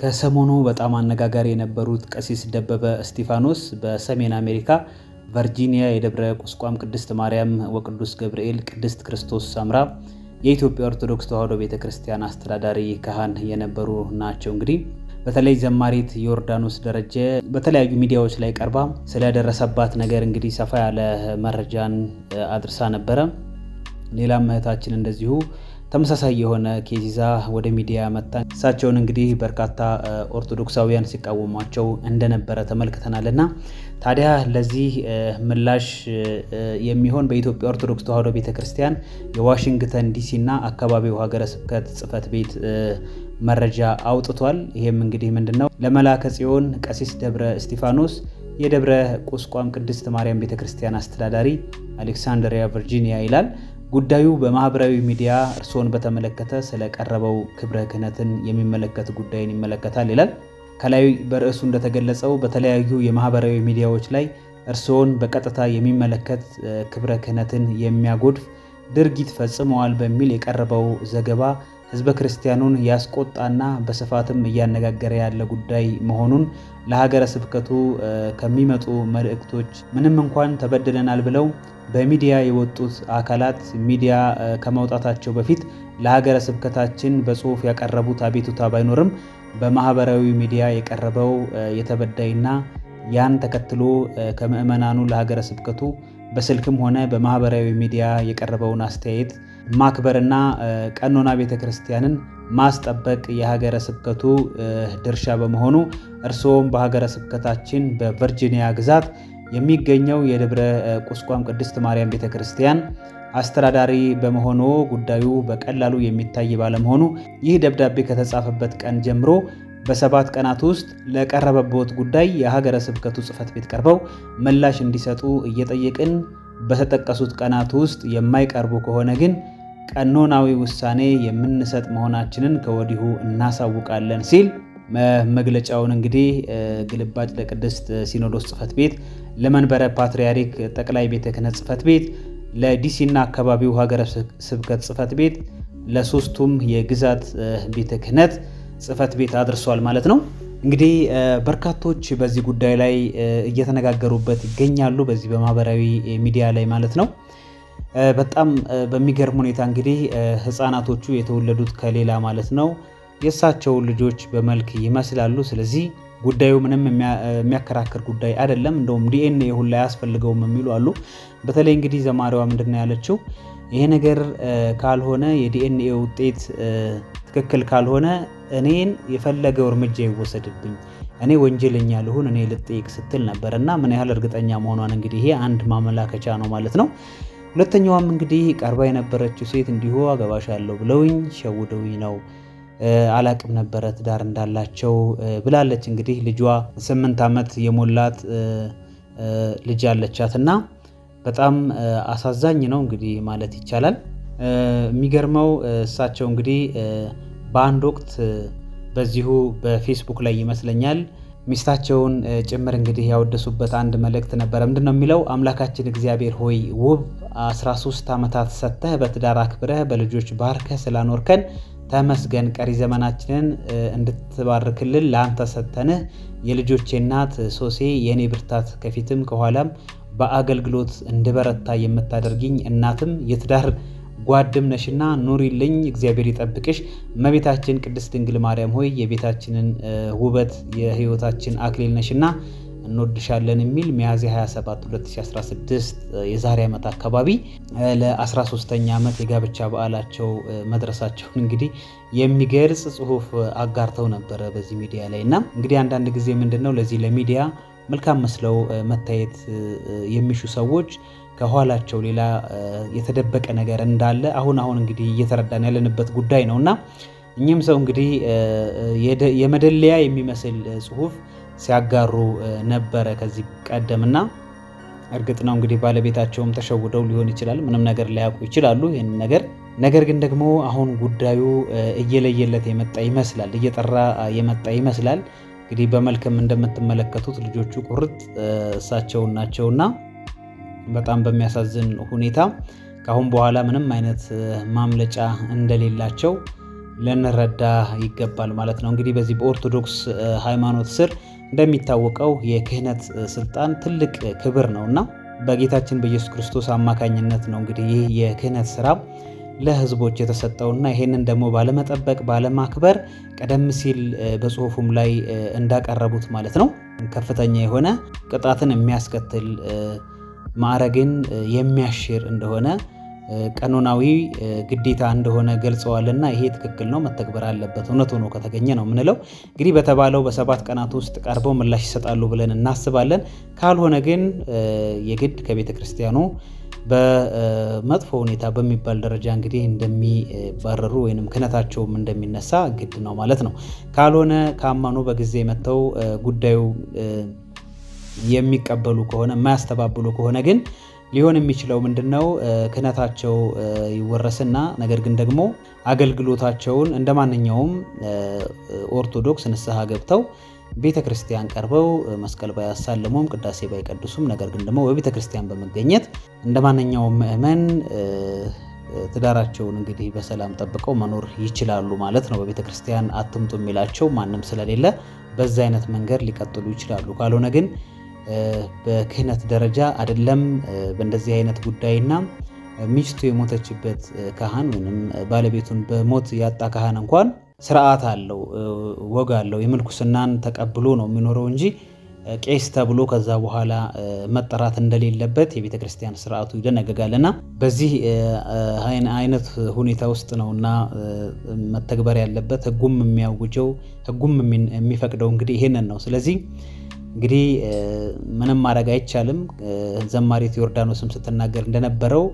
ከሰሞኑ በጣም አነጋጋሪ የነበሩት ቀሲስ ደበበ እስጢፋኖስ በሰሜን አሜሪካ ቨርጂኒያ የደብረ ቁስቋም ቅድስት ማርያም ወቅዱስ ገብርኤል ቅድስት ክርስቶስ ሰምራ የኢትዮጵያ ኦርቶዶክስ ተዋሕዶ ቤተ ክርስቲያን አስተዳዳሪ ካህን የነበሩ ናቸው። እንግዲህ በተለይ ዘማሪት ዮርዳኖስ ደረጀ በተለያዩ ሚዲያዎች ላይ ቀርባ ስለደረሰባት ነገር እንግዲህ ሰፋ ያለ መረጃን አድርሳ ነበረ። ሌላም እህታችን እንደዚሁ ተመሳሳይ የሆነ ኬዝ ይዛ ወደ ሚዲያ መጣ። እሳቸውን እንግዲህ በርካታ ኦርቶዶክሳውያን ሲቃወሟቸው እንደነበረ ተመልክተናል እና ታዲያ ለዚህ ምላሽ የሚሆን በኢትዮጵያ ኦርቶዶክስ ተዋሕዶ ቤተ ክርስቲያን የዋሽንግተን ዲሲ እና አካባቢው ሀገረ ስብከት ጽሕፈት ቤት መረጃ አውጥቷል። ይሄም እንግዲህ ምንድን ነው ለመላከ ጽዮን ቀሲስ ደብረ እስጢፋኖስ የደብረ ቁስቋም ቅድስት ማርያም ቤተ ክርስቲያን አስተዳዳሪ አሌክሳንድሪያ ቨርጂኒያ ይላል ጉዳዩ በማህበራዊ ሚዲያ እርስዎን በተመለከተ ስለቀረበው ክብረ ክህነትን የሚመለከት ጉዳይን ይመለከታል ይላል። ከላይ በርዕሱ እንደተገለጸው በተለያዩ የማህበራዊ ሚዲያዎች ላይ እርስዎን በቀጥታ የሚመለከት ክብረ ክህነትን የሚያጎድፍ ድርጊት ፈጽመዋል በሚል የቀረበው ዘገባ ህዝበ ክርስቲያኑን ያስቆጣና በስፋትም እያነጋገረ ያለ ጉዳይ መሆኑን ለሀገረ ስብከቱ ከሚመጡ መልእክቶች ምንም እንኳን ተበድለናል ብለው በሚዲያ የወጡት አካላት ሚዲያ ከመውጣታቸው በፊት ለሀገረ ስብከታችን በጽሁፍ ያቀረቡት አቤቱታ ባይኖርም በማህበራዊ ሚዲያ የቀረበው የተበዳይና ያን ተከትሎ ከምዕመናኑ ለሀገረ ስብከቱ በስልክም ሆነ በማህበራዊ ሚዲያ የቀረበውን አስተያየት ማክበርና ቀኖና ቤተ ክርስቲያንን ማስጠበቅ የሀገረ ስብከቱ ድርሻ በመሆኑ እርስዎም በሀገረ ስብከታችን በቨርጂኒያ ግዛት የሚገኘው የደብረ ቁስቋም ቅድስት ማርያም ቤተ ክርስቲያን አስተዳዳሪ በመሆኑ ጉዳዩ በቀላሉ የሚታይ ባለመሆኑ ይህ ደብዳቤ ከተጻፈበት ቀን ጀምሮ በሰባት ቀናት ውስጥ ለቀረበበት ጉዳይ የሀገረ ስብከቱ ጽሕፈት ቤት ቀርበው ምላሽ እንዲሰጡ እየጠየቅን በተጠቀሱት ቀናት ውስጥ የማይቀርቡ ከሆነ ግን ቀኖናዊ ውሳኔ የምንሰጥ መሆናችንን ከወዲሁ እናሳውቃለን ሲል መግለጫውን እንግዲህ ግልባጭ ለቅድስት ሲኖዶስ ጽፈት ቤት ለመንበረ ፓትርያርክ ጠቅላይ ቤተ ክህነት ጽፈት ቤት ለዲሲና አካባቢው ሀገረ ስብከት ጽፈት ቤት ለሶስቱም የግዛት ቤተ ክህነት ጽፈት ቤት አድርሷል ማለት ነው። እንግዲህ በርካቶች በዚህ ጉዳይ ላይ እየተነጋገሩበት ይገኛሉ። በዚህ በማህበራዊ ሚዲያ ላይ ማለት ነው። በጣም በሚገርም ሁኔታ እንግዲህ ህፃናቶቹ የተወለዱት ከሌላ ማለት ነው የእሳቸውን ልጆች በመልክ ይመስላሉ። ስለዚህ ጉዳዩ ምንም የሚያከራክር ጉዳይ አይደለም። እንደውም ዲኤንኤ ላይ አያስፈልገውም የሚሉ አሉ። በተለይ እንግዲህ ዘማሪዋ ምንድን ነው ያለችው? ይሄ ነገር ካልሆነ የዲኤንኤ ውጤት ትክክል ካልሆነ እኔን የፈለገው እርምጃ ይወሰድብኝ፣ እኔ ወንጀለኛ ልሁን፣ እኔ ልጠይቅ ስትል ነበር እና ምን ያህል እርግጠኛ መሆኗን እንግዲህ ይሄ አንድ ማመላከቻ ነው ማለት ነው። ሁለተኛዋም እንግዲህ ቀርባ የነበረችው ሴት እንዲሁ አገባሻለሁ ብለውኝ ሸውደውኝ ነው አላቅም ነበረ ትዳር እንዳላቸው ብላለች። እንግዲህ ልጇ ስምንት ዓመት የሞላት ልጅ አለቻት እና በጣም አሳዛኝ ነው እንግዲህ ማለት ይቻላል። የሚገርመው እሳቸው እንግዲህ በአንድ ወቅት በዚሁ በፌስቡክ ላይ ይመስለኛል ሚስታቸውን ጭምር እንግዲህ ያወደሱበት አንድ መልእክት ነበረ። ምንድን ነው የሚለው? አምላካችን እግዚአብሔር ሆይ ውብ 13 ዓመታት ሰጥተህ በትዳር አክብረህ በልጆች ባርከህ ስላኖርከን ተመስገን። ቀሪ ዘመናችንን እንድትባርክልን ለአንተ ሰጥተንህ የልጆቼ እናት ሶሴ የእኔ ብርታት ከፊትም ከኋላም በአገልግሎት እንድበረታ የምታደርግኝ እናትም የትዳር ጓድም ነሽና ኑሪልኝ፣ እግዚአብሔር ይጠብቅሽ። እመቤታችን ቅድስት ድንግል ማርያም ሆይ የቤታችንን ውበት የህይወታችን አክሊል ነሽና እንወድሻለን የሚል ሚያዝያ 27 2016 የዛሬ ዓመት አካባቢ ለ13ኛ ዓመት የጋብቻ በዓላቸው መድረሳቸውን እንግዲህ የሚገልጽ ጽሁፍ አጋርተው ነበረ በዚህ ሚዲያ ላይ እና እንግዲህ አንዳንድ ጊዜ ምንድን ነው ለዚህ ለሚዲያ መልካም መስለው መታየት የሚሹ ሰዎች ከኋላቸው ሌላ የተደበቀ ነገር እንዳለ አሁን አሁን እንግዲህ እየተረዳን ያለንበት ጉዳይ ነው እና እኚህም ሰው እንግዲህ የመደለያ የሚመስል ጽሁፍ ሲያጋሩ ነበረ ከዚህ ቀደም እና እርግጥ ነው እንግዲህ ባለቤታቸውም ተሸውደው ሊሆን ይችላል። ምንም ነገር ላያውቁ ይችላሉ ይህን ነገር። ነገር ግን ደግሞ አሁን ጉዳዩ እየለየለት የመጣ ይመስላል፣ እየጠራ የመጣ ይመስላል። እንግዲህ በመልክም እንደምትመለከቱት ልጆቹ ቁርጥ እሳቸውን ናቸውና በጣም በሚያሳዝን ሁኔታ ከአሁን በኋላ ምንም አይነት ማምለጫ እንደሌላቸው ልንረዳ ይገባል ማለት ነው። እንግዲህ በዚህ በኦርቶዶክስ ሃይማኖት ስር እንደሚታወቀው የክህነት ስልጣን ትልቅ ክብር ነው እና በጌታችን በኢየሱስ ክርስቶስ አማካኝነት ነው እንግዲህ ይህ የክህነት ስራ ለህዝቦች የተሰጠውና ይሄንን ደግሞ ባለመጠበቅ ባለማክበር ቀደም ሲል በጽሁፉም ላይ እንዳቀረቡት ማለት ነው ከፍተኛ የሆነ ቅጣትን የሚያስከትል ማዕረግን የሚያሽር እንደሆነ ቀኖናዊ ግዴታ እንደሆነ ገልጸዋልና ይሄ ትክክል ነው፣ መተግበር አለበት። እውነት ሆኖ ከተገኘ ነው የምንለው። እንግዲህ በተባለው በሰባት ቀናት ውስጥ ቀርበው ምላሽ ይሰጣሉ ብለን እናስባለን። ካልሆነ ግን የግድ ከቤተ ክርስቲያኑ በመጥፎ ሁኔታ በሚባል ደረጃ እንግዲህ እንደሚባረሩ ወይም ክህነታቸውም እንደሚነሳ ግድ ነው ማለት ነው። ካልሆነ ካመኑ በጊዜ መጥተው ጉዳዩ የሚቀበሉ ከሆነ የማያስተባብሉ ከሆነ ግን ሊሆን የሚችለው ምንድን ነው? ክህነታቸው ይወረስና ነገር ግን ደግሞ አገልግሎታቸውን እንደ ማንኛውም ኦርቶዶክስ ንስሐ ገብተው ቤተ ክርስቲያን ቀርበው መስቀል ባያሳልሙም ቅዳሴ ባይቀድሱም፣ ነገር ግን ደግሞ በቤተ ክርስቲያን በመገኘት እንደ ማንኛውም ምእመን ትዳራቸውን እንግዲህ በሰላም ጠብቀው መኖር ይችላሉ ማለት ነው። በቤተ ክርስቲያን አትምጡ የሚላቸው ማንም ስለሌለ በዛ አይነት መንገድ ሊቀጥሉ ይችላሉ። ካልሆነ ግን በክህነት ደረጃ አይደለም በእንደዚህ አይነት ጉዳይና ሚስቱ የሞተችበት ካህን ወይም ባለቤቱን በሞት ያጣ ካህን እንኳን ስርዓት አለው፣ ወግ አለው። የምንኩስናን ተቀብሎ ነው የሚኖረው እንጂ ቄስ ተብሎ ከዛ በኋላ መጠራት እንደሌለበት የቤተ ክርስቲያን ስርዓቱ ይደነግጋልና በዚህ አይነት ሁኔታ ውስጥ ነውና መተግበር ያለበት ህጉም የሚያውጀው ህጉም የሚፈቅደው እንግዲህ ይሄንን ነው። ስለዚህ እንግዲህ ምንም ማድረግ አይቻልም። ዘማሪት ዮርዳኖስም ስትናገር እንደነበረው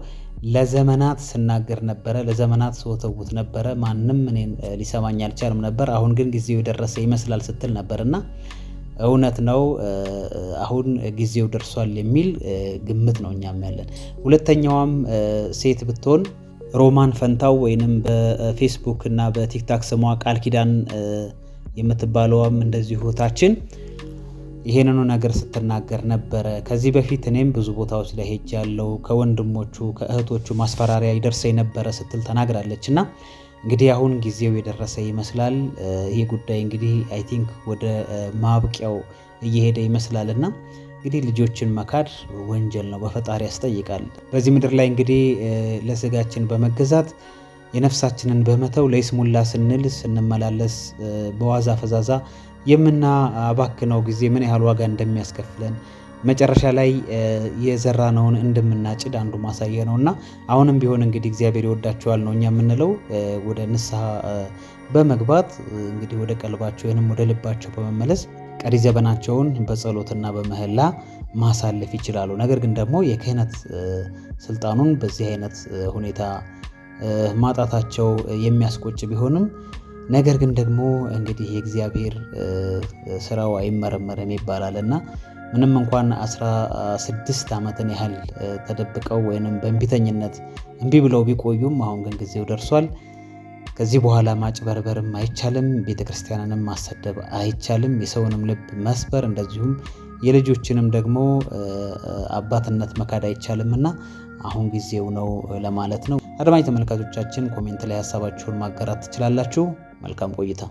ለዘመናት ስናገር ነበረ፣ ለዘመናት ስወተውት ነበረ፣ ማንም እኔን ሊሰማኝ አልቻልም ነበር። አሁን ግን ጊዜው የደረሰ ይመስላል ስትል ነበር እና እውነት ነው። አሁን ጊዜው ደርሷል የሚል ግምት ነው እኛም ያለን። ሁለተኛዋም ሴት ብትሆን ሮማን ፈንታው ወይንም በፌስቡክ እና በቲክታክ ስሟ ቃል ኪዳን የምትባለዋም እንደዚሁ ታችን ይሄንኑ ነገር ስትናገር ነበረ። ከዚህ በፊት እኔም ብዙ ቦታዎች ላይ ሄጅ ያለው ከወንድሞቹ ከእህቶቹ ማስፈራሪያ ይደርሰ ነበረ ስትል ተናግራለች። እና እንግዲህ አሁን ጊዜው የደረሰ ይመስላል። ይህ ጉዳይ እንግዲህ አይ ቲንክ ወደ ማብቂያው እየሄደ ይመስላል እና እንግዲህ ልጆችን መካድ ወንጀል ነው፣ በፈጣሪ ያስጠይቃል። በዚህ ምድር ላይ እንግዲህ ለስጋችን በመገዛት የነፍሳችንን በመተው ለይስሙላ ስንል ስንመላለስ በዋዛ ፈዛዛ የምናባክነው ጊዜ ምን ያህል ዋጋ እንደሚያስከፍለን መጨረሻ ላይ የዘራነውን እንደምናጭድ አንዱ ማሳያ ነው እና አሁንም ቢሆን እንግዲህ እግዚአብሔር ይወዳችኋል ነው እኛ የምንለው። ወደ ንስሐ በመግባት እንግዲህ ወደ ቀልባቸው ወይንም ወደ ልባቸው በመመለስ ቀሪ ዘመናቸውን በጸሎትና በመህላ ማሳለፍ ይችላሉ። ነገር ግን ደግሞ የክህነት ስልጣኑን በዚህ አይነት ሁኔታ ማጣታቸው የሚያስቆጭ ቢሆንም ነገር ግን ደግሞ እንግዲህ የእግዚአብሔር ስራው አይመረመርም ይባላል እና ምንም እንኳን አስራ ስድስት ዓመትን ያህል ተደብቀው ወይንም በእንቢተኝነት እምቢ ብለው ቢቆዩም አሁን ግን ጊዜው ደርሷል። ከዚህ በኋላ ማጭበርበርም አይቻልም፣ ቤተክርስቲያንንም ማሰደብ አይቻልም፣ የሰውንም ልብ መስበር እንደዚሁም የልጆችንም ደግሞ አባትነት መካድ አይቻልም እና አሁን ጊዜው ነው ለማለት ነው። አድማጭ ተመልካቾቻችን ኮሜንት ላይ ሀሳባችሁን ማጋራት ትችላላችሁ። መልካም ቆይታ